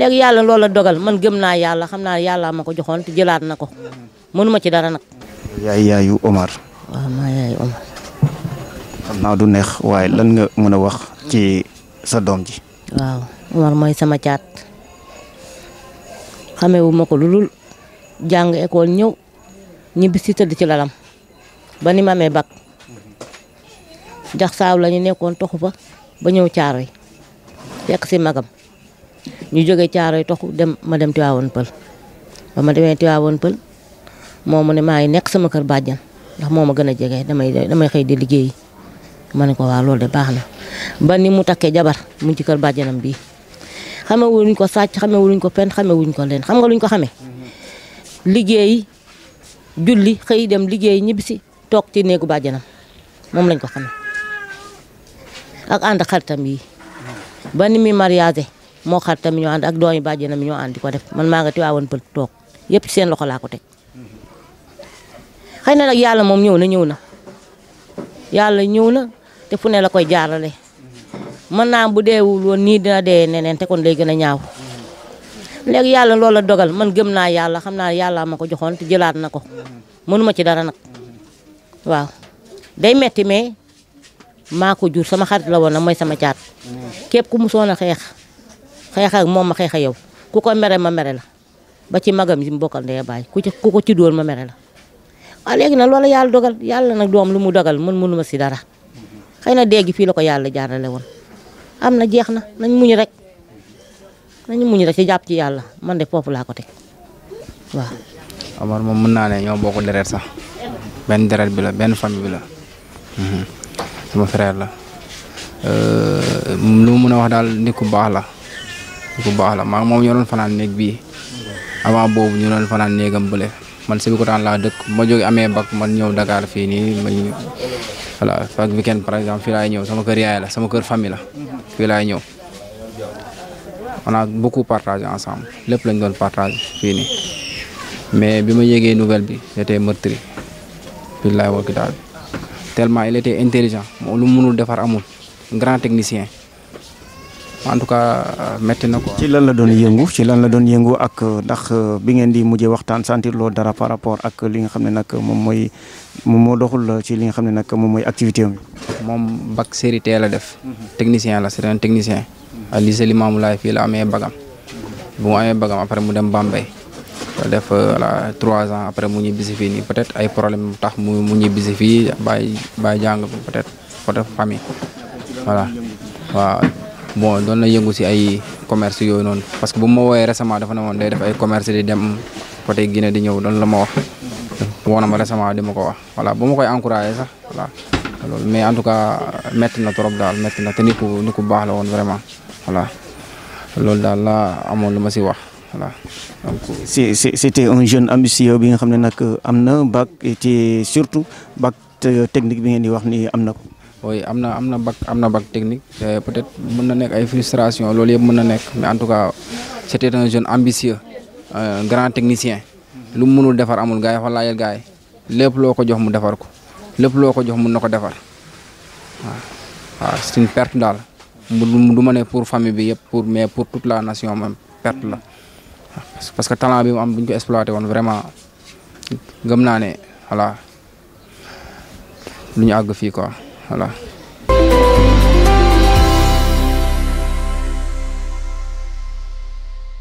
léegi yàlla loola dogal man gëm naa yàlla xam naa yàlla ma ko joxoon te jëlaat na ci dara yaay Omar. waaw maa yaayu Omar. xam naa du neex waaye lan nga mën wax ci sa ji. Omar sama caat xamewu ma lulul, lu dul jàng école ñëw ñibbi si tëdd ci lalam ba ni ma amee jax saaw la ñu nekkoon ba yi si magam. ñu jóge caaroy toxu dem ma dem Tivaouane Pël ma demee Tivaouane Pël moo mu ne maa ngi nekk sama kër bàjjan ndax moo ma gën a jege damay damay xëy di liggéeyi ma ne ko waa loolu de baax na ba ni mu takkee jabar mu ci kër bàjjanam bii xame ko sàcc xame wuñ ko pen xame ko leen xam nga luñ ko xamee liggéey julli xëy dem liggéey ñibbisi toog ci néegu bàjjanam moom lañ ko xamee ak ànd xaritam yi ba ni muy mariage moo ak ñoo ànd ak doomi bàjjenam ñoo ànd di ko def man maa nga tiwaawoon pël toog yëpp seen loxo ko teg xëy na nag yàlla moom ñëw na ñëw na yàlla ñëw na te fu ne la koy jaarale mën naa bu deewul woon nii dina dee neneen te kon lay gën a ñaaw léegi yàlla loola dogal man gëm naa yàlla xam naa yàlla ma ko joxoon te jëlaat na ko mënuma ci dara nag waaw day metti mais maa ko jur sama xarit la woon na mooy sama caat mm-hmm. képp ku musoon a xeex xeex moom ma xeex yow ku ko mere ma mere la ba ci magam yi mu bokkal ndey baay ku ci ko ci dóor ma mere la. waaw ah, léegi na loolu yàlla dogal yàlla nag doom lu mu dogal mën mënu ma si dara xëy na dégg fii la ko yàlla jaarale woon am na jeex na nañ muñ rek muñ rek ci jàpp ci yàlla man de foofu laa ko teg waaw. moom mën naa ne ñoo bokk deret sax benn deret bi la benn famille bi la mhm. sama frère euh, lu mu mën a wax daal nit ku baax la. ku baax la maa moom ñoo doon fanaan néeg bii avant boobu ñu doon fanaan néegam bële man Sébikotane laa dëkk ma jóge amee bac man ñëw Dakar fii nii ma ñu voilà chaque weekend par exemple fii laay ñëw sama kër la sama kër famille fii laay ñëw on a beaucoup partagé ensemble lépp lañ doon partagé mais bi ma yégee nouvelle bi j'étais meurtri billaay wal kitaab tellement il était intelligent moom lu mu mënul defar amul grand technicien en tout cas euh, métti na ko. ci lan la doon yëngu ci lan la doon yëngu ak euh, ndax euh, bi ngeen di mujjee waxtaan sentir loo dara par rapport ak li nga xam ne nag moom mooy moom moo doxul ci li nga xam ne nag moom mooy activité am. moom bac série T la def. technicien la c'est un technicien. à lycée Limamou Laye fii la amee bagam. bu mu amee bagam après mu dem Bambey. def voilà trois ans après mu ñibbisi fii nii peut-être ay problème tax mu mu ñibbisi fii bàyyi bàyyi jàng peut-être peut-être bon dona na yëngu si ay commerce non. Pas parce que bu ma woowee récemment dafa ne woon day def ay commerce di dem côté Guinée di ñëw doon la ma wax woon na ma récemment di ma ko wax voilà bu ma koy encouragé sax voilà loolu mais en tout cas métti na trop daal métti na te nit ku nit ku baax la woon vraiment voilà loolu daal laa amoon lu ma wax voilà c'était un jeune ambitieux bi nga xam ne nag euh, bac et surtout bac euh, technique bi ngeen di wax ni amna oui amna amna am na bac am na bac technique peut-être mën na nekk ay frustration loolu yëpp mën na nekk mais en tout cas c'était un jeune ambitieux un grand technicien lu mu mënul defar amul gars yi fa laajal gars yi lépp loo ko jox mu defar ko lépp loo ko jox mun na ko defar waaw waaw c'est une perte daal mu du ma ne pour famille bi yëpp pour mais pour toute la nation même perte la parce que talent bi mu am bu ko exploité woon vraiment gëm naa ne voilà lu ñu àgg quoi 好了。